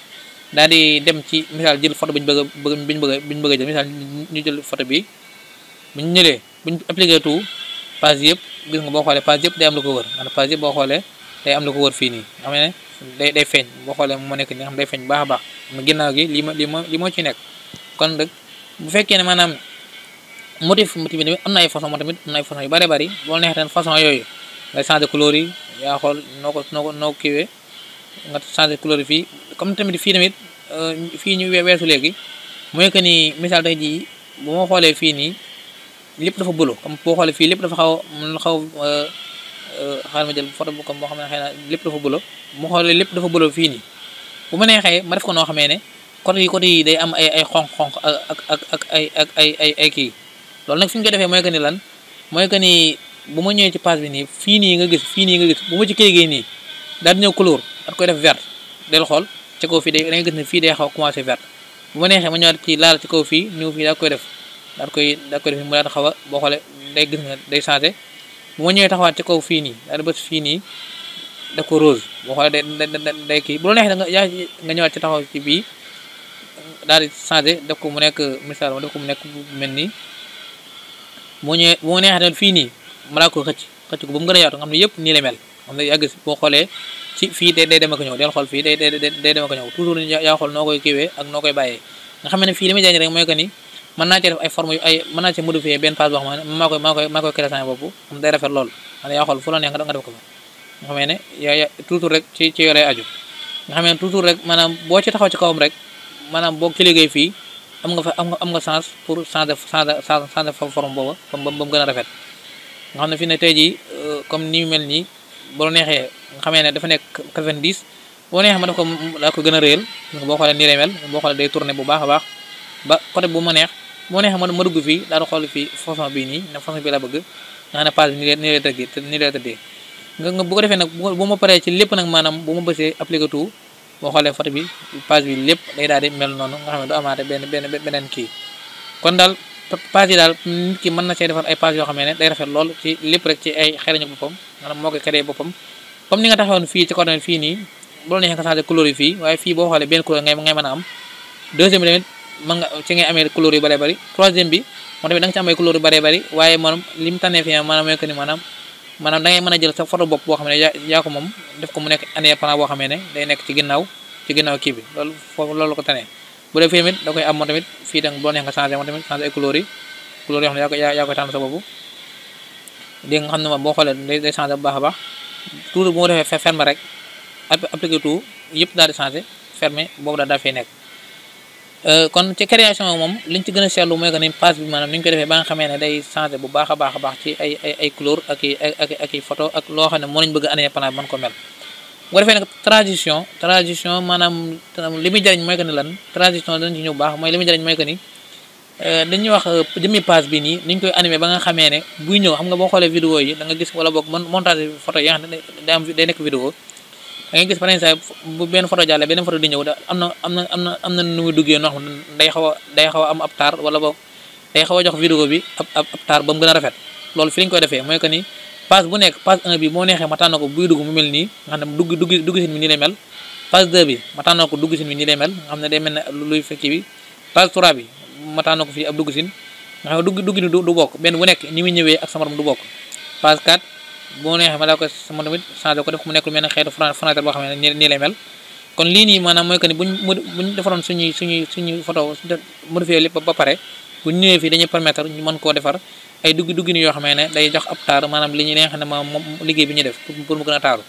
daal dem ci misaal jël photo bi ñu bëgg a bi ñu bëgg bi ñu bëgg a jël misaal ñu jël photo bi bu ñu ñëlee bu ñu appliqué tout page yëpp gis nga boo xoolee page yëpp day am lu ko wër maanaam page boo xoolee am lu ko wër fii nii xam ne day day feeñ boo xoolee moo nekk ni xam day feeñ baax a baax mu ginnaaw gi lii ma lii ma lii moo ci nekk kon nag bu fekkee ne maanaam motif motif bi tamit am na ay façon moo tamit am na ay façon yu bari bari boo neexee façon yooyu ngay changer couleur yi yaa xool noo ko noo ko noo ko kiiwee nga changé couleur fii comme tamit fii tamit euh, fii ñu weesu léegi mooy que ni misaal day jii bu ma xoolee fii nii lépp dafa bëlo comme boo xoolee fii lépp dafa xaw a xaw euh, euh, xaaral ma jël photo bu comme boo xam na lépp dafa bëlo bu xoolee lépp dafa bëlo fii nii bu ma xayee ma def ko noo xamee ne côté yi côté yi day am ay ay xonq-xonq ak ak ak ak ay ay ay ay kii loolu nag fi ñu defee mooy que ni lan mooy que ni bu ma ñëwee ci page bi nii fii nii nga gis fii nii nga gis bu ma ci kéegee nii daal di ñëw couleur at koy def vert del xool ci kaw fii da nga gis ne fii day xaw commencé vert bu neexee ma ñëwaat ci laal ci kaw fii niw fii daal koy def daal koy daal koy def mu daal xaw a boo xoolee day gis na day changé bu ma ñëwee taxawaat ci kaw fii nii daal di bës fii nii def ko rose boo xoolee day day kii bu la neexee nga nga ñëwaat ci taxaw ci bii daal di changé def ko mu nekk misaal ma def ko mu nekk mel nii bu ñëwee bu ma neexee fii nii mana laa ko xëcc xëcc ko ba mu gën a yaatu nga xam ne yëpp nii la mel xam ne yàgg boo xoolee ci fii day day dem ak ñëw del xool fii day day day ñëw toujours yaa xool noo koy kiiwee ak noo koy bàyyee nga xam ne fii li muy jàng rek mooy que am lool xam ne yaa xool fu la nga def ci ci yoo lay nga xam ne toujours rek maanaam boo ci taxaw ci kawam rek maanaam boo ci liggéey fii am nga fa am nga am nga chance pour changer changer changer forme booba ba mu gën a rafet nga xam ne fi ne tey jii euh, comme ni mu mel nii boo neexee nga xamee ne dafa nekk 90 boo neexee ma def ko daa ko gën a réyal boo xoolee nii lay mel boo xoolee day tourné bu baax a baax ba côté bu ma neex boo neexee ma ma dugg fii daal xool fii façon bii nii ne façon bi la bëgg nga xam ne page bi nii nii lay tëggee nii lay tëddee nga bu ko paree ci lépp nag maanaam bu ma bësee appliqué tout xoolee photo bi page bi lépp day daal di mel noonu nga xam ne du amaate benn benn beneen kii kon daal page yi daal nit ki mën na cay defar ay page yoo ne day rafet lool ci lépp rek ci ay xereñu boppam maanaam moo koy créé boppam comme ni nga taxawoon fii ci coordonnée fii nii bu la nga a am deuxième bi tamit mën nga ci amee couleur yu bëree bëri troisième bi moo tamit da nga waaye maanaam li mu tànnee fii maanaam mooy que ni maanaam maanaam da ngay jël sa bopp boo xam ne yaa ko moom def ko mu nekk année plan boo xam ne day nekk ci ginnaaw ci ginnaaw kii bi loolu foofu loolu ko tànnee bu dee fii da koy am moom tamit fii tam boo neex nga changé moom tamit changé ay couleurs yi couleurs yoo yaa koy yaa koy tànn nga xam ne moom boo xoolee day day bu baax a baax toujours bu ma defee fermé rek appliqué tout daal di changé fermé boobu daal daa fay nekk euh, kon ci moom liñ ci gën a seetlu mooy que ni page ko defee ba nga xamee ne day changé bu baax a a baax ci ay couleur ak i ak ak photo ak loo xam ne moo lañ bëgg a année plan mën ko mel bu ko defee nag tradition transition maanaam li muy jëriñ mooy que ni lan transition dañ ci ñëw baax mooy li muy jëriñ mooy que ni euh, dañuy wax demi euh, passe bi nii niñ koy animé ba nga xamee ne buy ñëw xam nga boo xoolee vidéo yi da nga gis wala boog montage photo yi nga xam ne day am day nekk vidéo da gis par exemple bu benn photo jàllee beneen photo di ñëw da am na am na am am na nu muy duggee noo xam day xaw a day xaw am ab taar wala boog day xaw a jox vidéo bi ab ab taar ba mu gën a rafet loolu fi lañ koy defee mooy que ni phase bu nekk phase moo neexee ma tànn ko buy dugg mu mel nii nga xam ne dugg dugg dugg sin bi nii lay mel phase 2 bi ma ko dugg sin bi nii lay mel xam ne day mel ne luy fekki bi phase 3 dugg dugg dugg ni du bokk benn bu nekk ni muy ñëwee ak sama morom du bokk ma daa ko sama tamit changé ko def mu nekk lu mel ne xeetu fenêtre boo xam ne nii lay mel kon lii nii maanaam mooy que ni buñ buñ defaroon suñuy suñuy suñuy photo modifié lépp ba pare bu ñëwee fii dañuy permettre ñu mën koo defar ay dugg dugg yoo xam ne day jox ab taar maanaam li ñu neex ne ma liggéey bi ñu def pour mu gën a taaru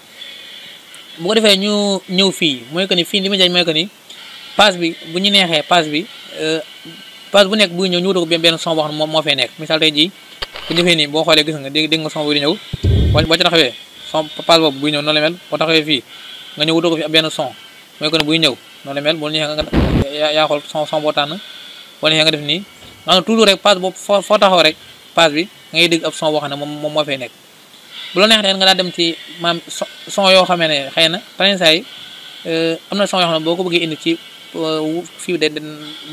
bu defee ñu ñëw fii mooy que ni fii li ma jañ mooy ni paas bi bu ñu neexee paas bi euh, paas bu nekk buy ñëw ñu wutal ko benn son boo moo fee nekk misaal tey jii nii boo xoolee gis nga dégg nga son bu di ñëw boo ci taxawee son paas boobu buy ñëw noonu la mel boo taxawee fii nga ñëw wutal ko fi ab benn son mooy que ni buy ñëw noonu la mel boo neexee nga yaa xool son son boo tànn boo neexee def nii maanaam toujours rek paas boobu foo taxaw rek page bi ngay dégg ab son boo ne moom moom moo fay nekk bu la neexee nga daal dem ci maam son yoo xam ne xëy na prinsa yi euh, am na son yoo xam ne boo ko bëggee indi ci euh, fii day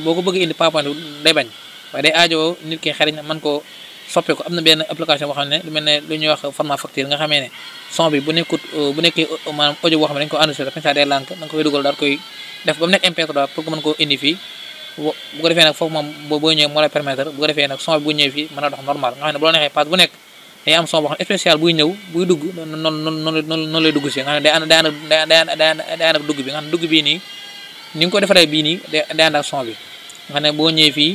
boo ko bëggee indi PowerPoint day bañ waaye day aajo nit ki xariñ man koo soppe ko am na benn application boo xam ne lu mel ne lu ñuy wax format facture nga xamee ne son bi bu nekkut euh, bu nekkee maanaam audio boo xam ne dañu ko enregistré prinsa day lànk da nga koy dugal daal koy def ba mu nekk MP3 pour nga mën koo indi bu ko defee nag foofu moom boo ñëwee moo lay permettre bu ko defee nag son bi bu ñëwee a dox normal nga xam ne bu la neexee passe bu nekk day am son boo xam ñëw buy dugg noonu noonu noonu lay dugg si nga xam ne day ànd day ànd day ànd ak dugg bi nga xam ne dugg nii ni nga ko defaree bii nii day ànd ak son bi nga xam ne boo ñëwee fii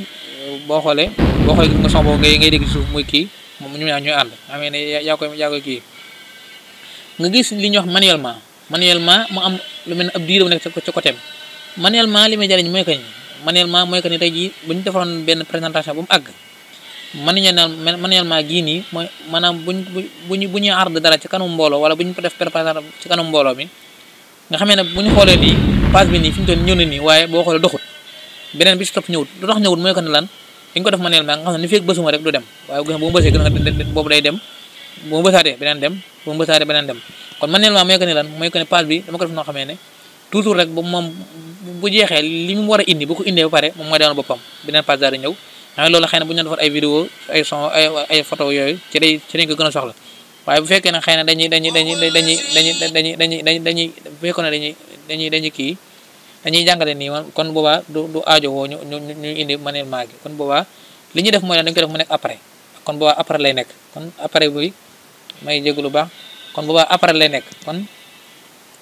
boo xoolee boo xoolee gis nga son boobu ngay ngay suuf muy kii moom ñu ñaa ñuy ànd amee ne yaa koy yaa koy kii nga gis li ñuy wax manuellement manuellement mu am lu mel ne ab diir bu nekk ci côté manuellement li may jariñ mooy kañ manuellement mooy que ni tey jii bu ñu benn présentation bu mu àgg manuellement manuellement gii nii mooy maanaam buñ buñu bu dara ci kanam mbooloo wala bu ñu ko mi nga xamee ne bu xoolee nii phase bi nii fi ñu ñëw na nii waaye boo xoolee doxut beneen bi ñëwut lu tax ñëwut mooy que ni lan bu ma a boobu day dem bësaatee beneen dem bu ma bësaatee beneen dem kon manuellement mooy que ni lan mooy que ni phase bi dama ko def noo xamee ne toujours rek bu jeexee li mu war a indi bu ko indee ba pare moom mooy demal boppam beneen page daal di ñëw xam loolu xëy na bu ñu defar ay vidéo ay son ay ay photo yooyu ci day ci dañ ko gën a soxla waaye bu fekkee ne xëy na dañuy dañuy dañuy dañuy dañuy dañuy dañuy dañuy bu fekkoon ne kii dañuy jàngale nii kon boobaa du du woo ñu ñu ñu indi manuellement gi kon boobaa li ñu def mooy dañu koy def mu nekk après kon boobaa après lay nekk kon après bi may jégalu baax kon boobaa après lay nekk kon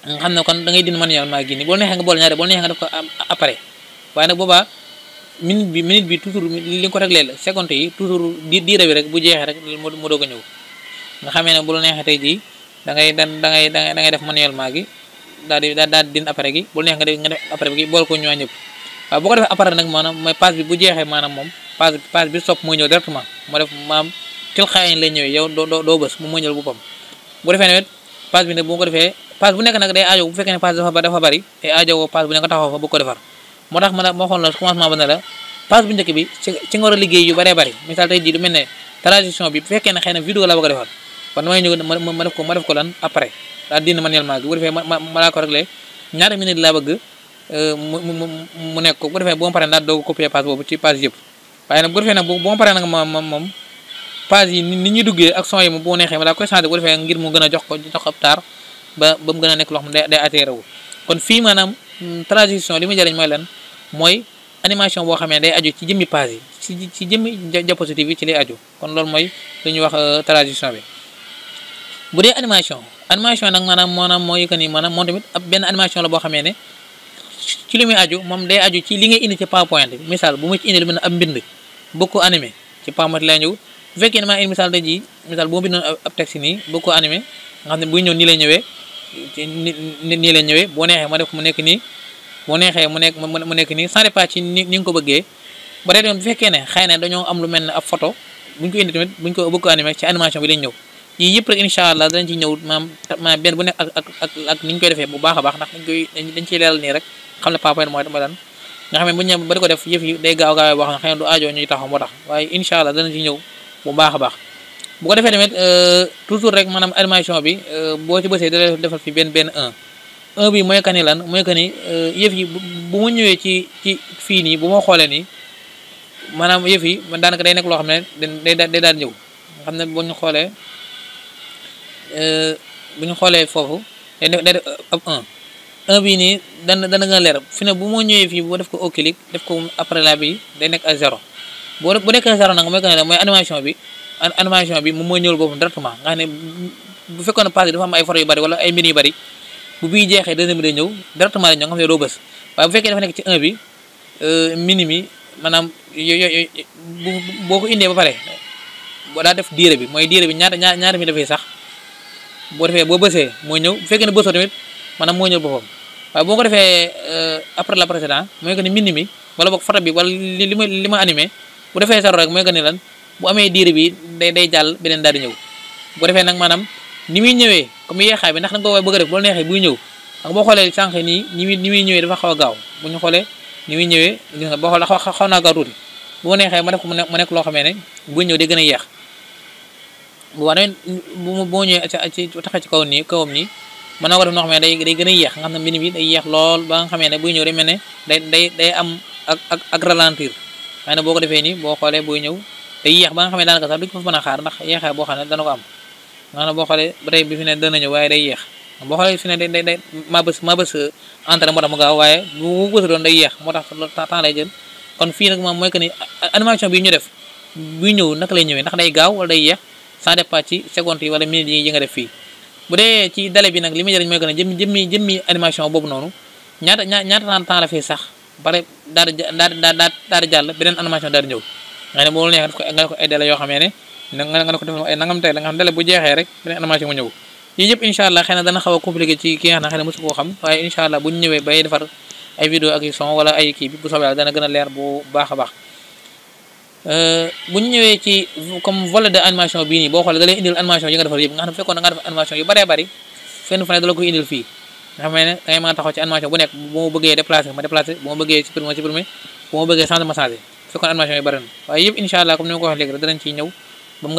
nga xam ne kon da ngay dindi manuellement génne boo neexee nga boole ñaari boo neexee nga def ko après waaye nag boobaa minute bi minute bi toujours li nga ko réglé la seconde yi toujours di diira bi rek bu jeexee rek mu doog a ñëw nga xamee ne bu la neexee tey jii da ngay da ngay da ngay def manuellement gi daal di daal di din après gi bu neex nga def nga def après gi boole ko ñoo ñëpp waaw boo ko defee après nag maanaam mooy passe bi bu jeexee maanaam moom passe passe bi sopp mooy ñëw directement moo def maam til xaayañ lay ñëwee yow doo doo bës mu mooy ñëw boppam bu defee nawet pass bi nag bu nga ko defee pass bu nekk nag day aajo bu fekkee ne pass dafa dafa bëri day bu nekk taxaw fa bu ko defar moo tax ma ne ma waxoon la commencement ma def ko lan après daal dindi manuellement bu defee ma ma laa ko réglé ñaata minute laa bëgg euh, mu mu nekk nag moom page yi ni ñuy duggee ak son yi mu neexee ma daa koy changé bu defee ngir mu gën a jox ko jox ab taar ba ba mu gën a nekk loo xam ne day kon fii maanaam mm, transition li muy jëriñ mooy lan mooy animation boo xamee day aju ci jëmmi page yi ci ci jëmmi diapositive bi ci lay kon loolu mooy li ñuy wax euh, transition bi bu dee animation animation nag maanaam maanaam mooy que ni maanaam moo tamit ab benn animation la boo xamee ne ci li muy aju moom day aju ci li ngay indi ci PowerPoint misaal bu mu ci indi lu mel ne ab mbind bu ko animé ci PowerPoint lay ñëw bu fekkee ne maa indi misaal tey jii misaal boo bindoon ab texte nii boo ko animé ne buy ñëw nii lay ñëwee nii lay ñëwee boo neexee ma def mu nekk nii boo neexee mu nekk nii sans départ ci ni nga ko bëggee ba ne xëy na dañoo am lu mel ne ab photo buñ ko indi tamit buñ ko bëgg ci animation bi lañ ñëw yii yëpp rek incha allah danañ ci ñëw maam benn ñu koy defee bu baax baax ndax dañ koy dañ ciy leeral nii rek xam ne ba di ko def yëf yi gaaw gaaw wax na xëy na du aajoo ñuy taxaw moo tax waaye incha allah danañ ci ñëw bu baax a baax bu ko defee tamit euh, toujours rek maanaam animation bi euh, boo ci bësee da defal fi benn benn un un bi mooy que ni lan mooy que ni euh, yëf yi bu ma ñëwee ci ci fii nii bu ma xoolee nii maanaam yëf yi man daanaka day nekk loo xam ne day day daan ñëw xam ne bu ñu xoolee bu ñu xoolee foofu day def ab un un bii nii dana dana gën leer fi ne bu ma ñëwee fii bu def ko au def ko après la bi day nekk à zéro boo bu nekkee saaro nag mooy que mooy animation bi bi moom mooy ñëwul boppam directement nga xam ne bu ay foro bëri wala ay mini yu jeexee deuxième ne doo bës waaye bu fekkee dafa nekk ci un euh, mi maanaam yooyu boo ko indee ba pare boo daa def diire bi mooy diire bi ñaata ñaata mi dafay sax boo defee boo bësee mooy ñëw bu fekkee ne bësoo tamit maanaam mooy ñëw boppam waaye boo ko defee euh, après la précédent mooy que ne mini mi wala boog photo bi wala li ma li ma animé bu defee zéro rek mooy que ni lan bu amee diir bi day day jàll beneen daal di ñëw bu ko defee nag maanaam ni muy ñëwee comme yeexaay bi ndax da nga ko bëgg a def boo neexee buy ñëw ndax xoolee sànq nii ni muy ni muy ñëwee dafa xaw gaaw bu ñu xoolee muy ñëwee gis nga boo xoolee xaw naa gaaw tuuti bu ma neexee ma def ko mu nekk loo xamee ne buy ñëw day gën a yeex bu waa nawet boo ñëwee ci taxee ci kaw nii kawam nii mën naa ko def noo xam ne day gën a yeex nga ne mbind bi day yeex lool ba nga xamee ne buy ñëw day mel day day day am ak ak ak waaye nag boo ko defee nii boo xoolee booy ñëw te yéex ba nga xam a xaar ndax yeexaay boo xam ba tey bi fi ne dana ñëw waaye day yeex boo xoolee fi bu ñëw naka lay ñëwee ndax day gaaw wala day yeex sans dépend ci seconde yi wala minutes yi nga def fii bu dee ci dale bi nag li muy jëriñ mooy que ne jëmmi jëmmi jëmmi animation boobu noonu ñaata ñaata temps la sax pare daal di daal di jàll beneen animation daal ñëw nga ne ne nga ne la nga xam délai bu jeexee rek beneen animation mu ñëw yëpp incha allah xëy dana xaw a compliqué ci ki nga xam ne xëy na mosu koo xam waaye incha allah bu ñëwee bay defar ay vidéo ak son wala ay kii bu soobee yàlla dana gën a leer bu baax a baax euh, bu ñu ñëwee ci comme volet de animation bii nii boo xoolee da lay indil animation yi nga defar yëpp nga xam fekkoon nga def animation yu baree bari fenn fu ne nga xam ne dangay mën a taxaw ci animation bu nekk bu ma bëggee déplacé ma déplacé bu ma bëggee supprimer supprimer bu ma bëggee changer ma changer su kon animation yi bëri na ba mu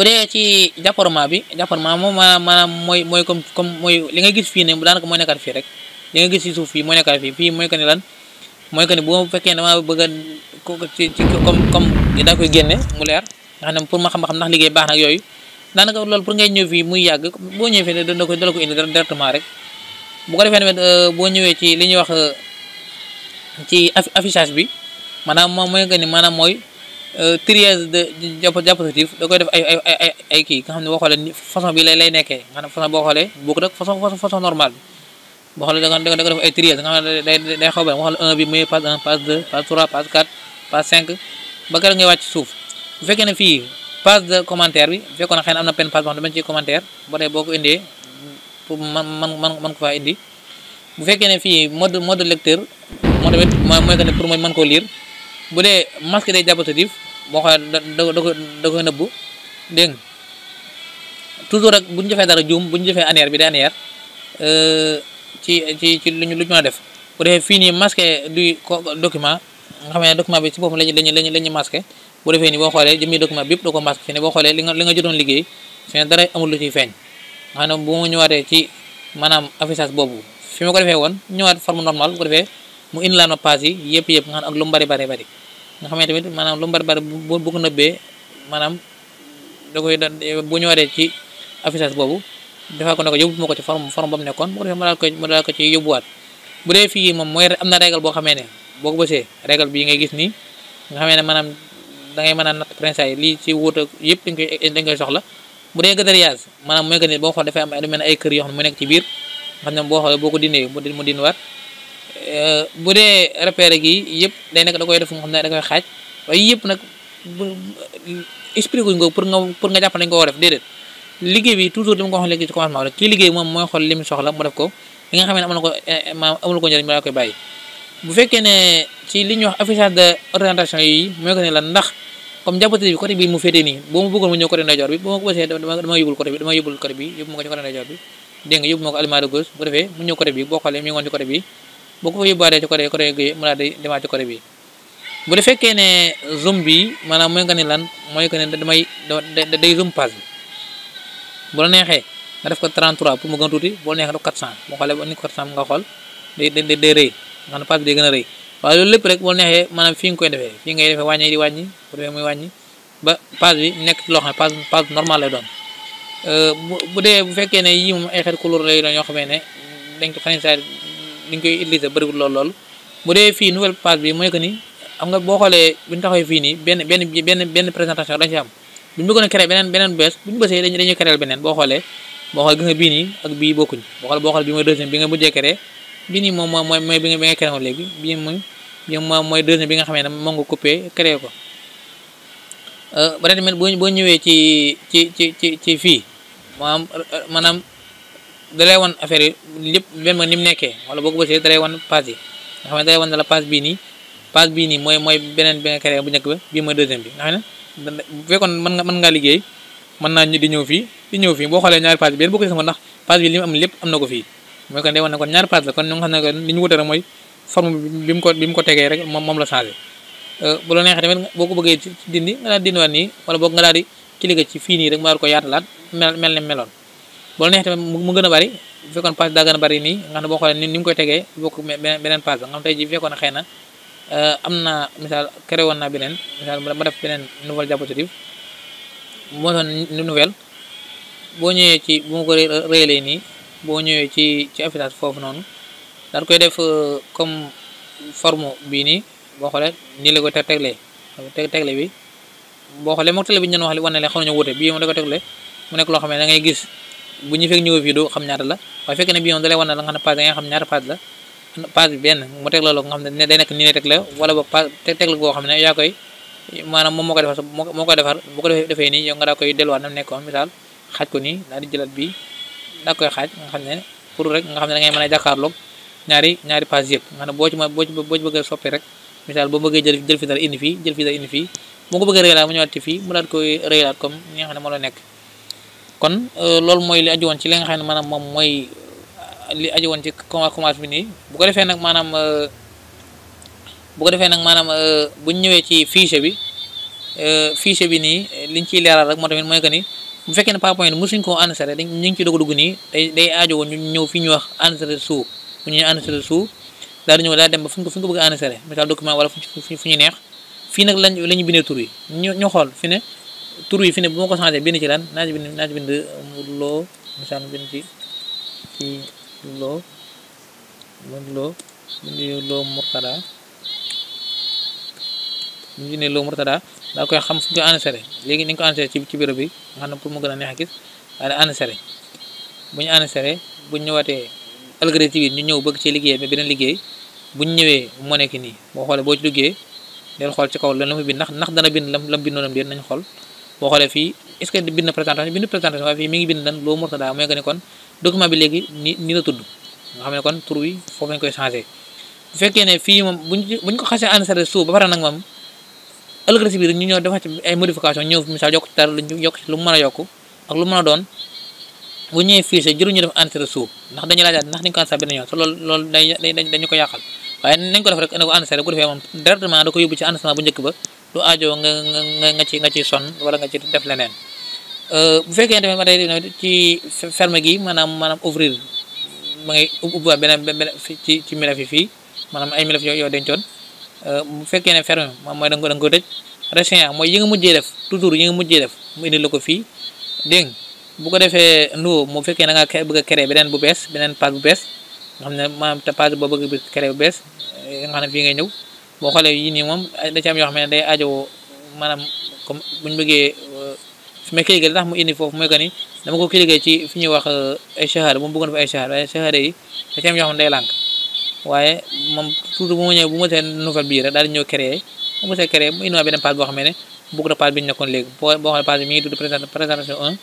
gën a bi jàpparement moom maanaam maanaam mooy mooy comme comme mooy li nga gis fii ne daanaka mooy nekkaat fii rek li nga gis ci suuf fii mooy nekkaat fii fii mooy que ni lan mooy que ni bu ma fekkee dama bëgg a ci ci comme comme daa koy génne mu leer nga xam ne xam ba xam ndax liggéey baax yooyu daanaka loolu pour ngay ñëw fii muy yàgg boo ñëwee fii dana ko dala ko indi directement rek bu ko defee tamit euh, boo ñëwee ci li ñuy wax euh, ci affichage bi maanaam moom mooy nga ni maanaam mooy euh, triage de diapositive da koy def ay ay ay ay kii nga xam ne boo xoolee façon bi lay lay nekkee maanaam façon boo xoolee bokk rek façon façon normale bi boo xoolee da nga da nga def ay triage nga xam ne day day xaw ba nga xool 1 bi muy page 1 page 2 page 3 page 4 page 5 ba keroog ngay wàcc suuf bu fekkee ne fii. page de commentaire bi fekkoon na xëy na am na benn page boo xam ne ba ko indee pour man man man ko faa indi bu fekkee ne fii mode mode lecteur moo tamit mooy mooy que ne pour mooy mën koo lire bu dee masque day diapositive boo xoolee da da ko da koy nëbbu dégg nga toujours rek bu ñu defee dara juum bu ñu defee annuaire bi day annuaire euh, ci ci ci lu ñu lu ñu mën def bu defee fii nii masque du document nga xam ne document bi ci boppam lañu lañu lañu masqué bu defee ni boo xoolee jëmmi document bi yëpp da ko masque fi ne boo xoolee li nga li nga ma ko defee woon ñëwaat forme normale bu ko defee mu indi laan ma yëpp yëpp nga xam ak lu bari bari bari nga xam ne tamit maanaam lu mu bari bari bu bu ko nëbbee maanaam da koy da bu ñëwaatee ci affichage boobu defaa ko ne ko yóbbu ma ko ci forme forme ba mu nekkoon bu ko defee ma daal ko ma ko ci yóbbuwaat dee fii moom mooy am na régal boo xamee ne boo ko bësee régal bii ngay gis nii nga xamee ne maanaam dangay ngay mën a natt prinçay lii ci wóot ak yëpp dañ koy dañ koy soxla bu dee gëdariage maanaam a que ni boo xool dafay am lu mel ne ay mu nekk ci boo euh, gi yëpp day nekk da koy def nga ne da koy xaaj waaye yëpp nag expliqué nga pour nga pour nga jàpp nañ ko def déedéet liggéey bi toujours li ma ko waxoon liggéey moom mooy xool li mu soxla mu def ko li nga xam ne amul ko eh, maanaam amul ko njëriñ mu laa koy bàyyi bu fekkee ne ci li ñuy wax affichage de orientation yi mooy que ne la ndax comme jàppatali bi côté bi mu féetee nii boo ma bëggoon ma ñëw côté ndeyjoor bi boo ma ko bësee dama yóbbul côté bi dama bi yóbbu ma ko bi dégg nga bi boo ko fa yóbbaadee mu ne nga lan mooy que ne damay day zoom pass bi bu neexee nga def ko 33 pour mu gën tuuti bu la neexee def 400 boo xoolee ba ni 400 nga xool day day day rëy nga day gën a rëy waaye loolu lépp rek boo neexee maanaam fi nga koy defee fii ngay defee wàññi di wàññi bu bi nekk ci loo xam ne page page normal lay doon euh, bu dee bu fekkee ne yii moom ay xeet couleur lay doon yoo xamee ne dañ ko xanin saa dañ koy utiliser lool lool bu dee fii nouvelle page bi mooy que ni xam nga boo xoolee bu ñu taxawee fii nii benn benn benn benn présentation dañ ci am bu ñu bëggoon a créer beneen beneen bees bu xoolee boo xoolee gis nga bii nii ak bii bokkuñ boo xoolee boo xoolee bii bi nga mujjee créer bi nii moom mooy mooy bi nga bi nga créé woon léegi bii mooy bii moom mooy bi nga xam ne moom nga coupé créé ko euh, ba tey boo ñëwee ci ci ci ci ci fii maanaam euh, maanaam dalay wan affaire yi lépp ni mu nekkee wala boo ko bësee dalay wan pass yi ne dalay wan ne la bii nii pass bii nii mooy mooy beneen bi nga créé bu njëkk ba bii mooy deuxième bi nga xam ne bu fekkoon mën nga mën ngaa liggéey mën naa ñu di ñëw fii di ñëw fii boo xoolee ñaari pass bi benn boo ko gis ndax pass bi li mu am lépp am na ko fii mooy kon day wane ne kon ñaari pass kon ñu nga xam ne que li ñu wute mooy forme bi mu ko bi mu ko tegee rek moom moom la changé euh, bu la neexee tamit boo ko bëggee dindi nga daal dindiwaat nii wala boog nga daal di cliquer fii nii rek mu ko yaatalaat mel mel ne meloon bu la neexee tamit mu gën a bari bu fekkoon pass daa gën a bari nii nga xam ne boo xoolee ni ni mu koy tegee bokk beneen pass la nga xam tey ji fekkoon xëy na euh, am naa misaal créé woon naa beneen misaal ma def beneen nouvelle diapositive moo nu nouvelle boo ñëwee ci bu ko réelee boo ñëwee ci ci affichage foofu noonu daal koy def euh, comme forme bii nii boo xoolee nii la teg tegle teg tegle bi boo xoolee moog tegle bi wax wane ne xaw loo xam ne da ngay gis bu ñu fekk ñëwee fii doo xam la waaye fekk ne da lay wane la nga xam ne page da xam ñaata page la page bi benn mu teg la nga xam ne day nekk nii lay teg la wala boog page teg tegle goo xam ne yaa koy maanaam moom moo ko defar moo ko defar bu ko defee nii yow nga daa koy delluwaat nam nekkoon misaal xaaj ko nii daal di jëlaat bii daa koy xaaj nga xam ne pour rek nga xam ne da ngay mën a jàkkaarloog ñaari ñaari pass yëpp nga xam ne boo ci ma boo ci bëggee a rek misaal boo bëggee jël jël fi dara indi fii jël fi dara indi fii boo ko bëggee rëylaat mu ñëwaat fii mu daal koy rëylaat comme ñi nekk kon euh, loolu mooy li woon ci li nga xam ne maanaam moom mooy euh, li aju woon ci commence bi nii bu ko defee nag maanaam euh, bu ko defee nag maanaam bu ñëwee ci fiise bi fichier bi nii liñ ciy leeral rek moo tamit mooy que ni bu fekkee ne PowerPoint mosuñ koo enregistrer dañ ñu ngi ci doog a dugg nii day day ñu ñëw fi ñuy wax enregistrer sous bu ñu enregistrer sous daal di ñëw daal dem ba fu ñu ko fu ñu ko bëgg a enregistrer misaal document fu ñu neex fii nag lañ la ñu bindee tur yi ñu xool fi ne tur yi fi ne bu ko changé benn ci lan naa ci bind naa ci bind loo misaal bind ci ci loo bind daa koy xam fu ñu ko léegi ni ñu ko inséré ci ci bureau bi nga xam ne pour mu a neex a gis daal ñu ñëw bëgg ci liggéey mais beneen liggéey bu ñu ñëwee mu nekk nii boo xoolee boo ci duggee del xool ci kaw loolu la mu bind ndax ndax dana bind lam lam bindoonam déet nañ xool boo xoolee fii est-ce que bind na présentation bind mi ngi bind lan loo murta daa mooy que ne kon document xam ne kon tur wi foofu lañ koy changé bu fekkee ne fii moom buñ buñ ko xasee inséré suuf ba pare nag moom ëllëg na si biir ñu ñëw defar ci ay modification ñëw misaal yokk ci dara lu mu mën a yokk ak lu mën a doon bu ñëwee fiché jëruñu def entrée suuf ndax ndax ko entrée benn yoon te loolu loolu day dañu ko yàqal waaye nañ ko def rek ne ko bu ko defee moom directement da ko yóbbu ci entrée bu njëkk ba du aajo nga nga nga ci nga ciy nga ci def leneen euh, bu fekkee ne tamit ci ferme gi maanaam maanaam ouvrir ma ngay ubbiwaat beneen ci ci milaf yi fii maanaam ay milaf yoo dencoon bu fekkee ne ferme moom mooy da nga ko da nga ko tëj restreint mooy yi nga mujjee def toujours yi nga mujjee def mu indi la ko fii dégg bu ko defee nouveau mu fekkee da ngaa bëgg a créer beneen bu bees beneen page bu bees nga xam ne maanaam te page boo bëgg a créer bu bees nga xam ne fii ngay ñëw boo xoolee yii nii moom da ci am yoo xam ne day aajowoo maanaam comme bu ñu bëggee euh, fi ma cliquer li mu indi foofu mooy que dama ko cliquer ci fi ñuy wax euh, ay shahada bu mu bëggoon fa ay shahada waaye shahada yi da ci am day lànk waaye moom toujours bu ma ñëw bu ma see nouvelle bii rek daal di ñëw créé bu ma see créé mu indiwaat beneen page boo xam ne bokk na page bi ñu nekkoon léegi boo boo xam ne page bi mi ngi tudd présentation 1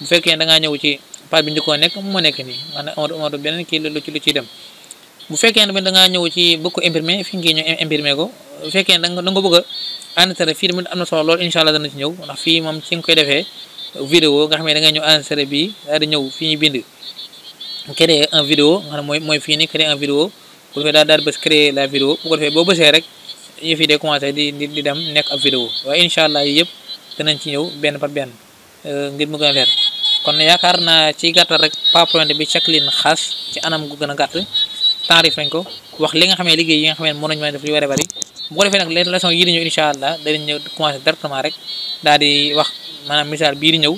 bu fekkee da ngaa ñëw ci page bi njëkkoon nekk moo nekk nii maanaam amatu amatu beneen kii lu ci lu ciy dem bu fekkee ne da ngaa ñëw ci bëgg ko imprimer fi ngi ñëw imprimer ko bu fekkee da nga da nga bëgg a enregistrer fii tamit am na solo loolu incha allah dana ci ñëw ndax fii moom ci nga koy defee vidéo nga xam ne da nga ñëw enregistrer bii daal di ñëw fi ñuy bind créer un vidéo nga xam mooy mooy fii ni créer un vidéo bu defee daal bës créer la vidéo bu ko boo bësee rek yëf yi de commencé di di dem nekk ab vidéo waaye incha allah yëpp danañ ci ñëw benn par benn euh, ngir mu gën a leer kon yaakaar naa ci gàttal rek PowerPoint bi checklist xaas ci anam gu gën a gàtt taarif nañ ko wax li nga xamee liggéey yi nga xamee mën nañu mën a def yu bari bari bu ko defee nag les leçons yii di ñëw incha allah danañ ñëw commencé directement rek daal di wax maanaam misaal bii di ñëw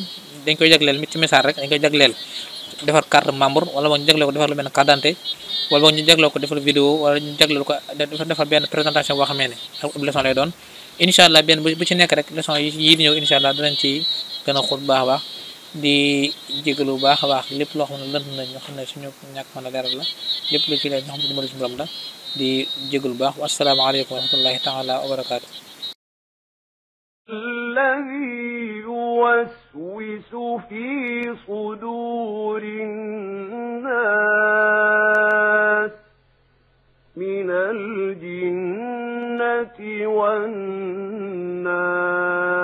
dañ koy jagleel ci misaal rek dañ koy jagleel defar carte membre wala boog ñu jagleel ko defar lu mel ne carte d'identité wala boog ñu jagleel ko defar vidéo wala ñu jagleel ko defar benn présentation boo xamee ne ak leçon lay doon incha allah benn bu ci nekk rek leçon yi di ñëw incha allah baax a baax di jégalu bu a lépp loo xam ne lënt na ñoo xam ne si suñu ñàkk mën a leeral la lépp lu ci leen ñoo xam ne dimbali suñu borom la di jégalu bu baax wa rahmatullahi taala wa barakaatu الذي يوسوس في صدور الناس من الجنة والناس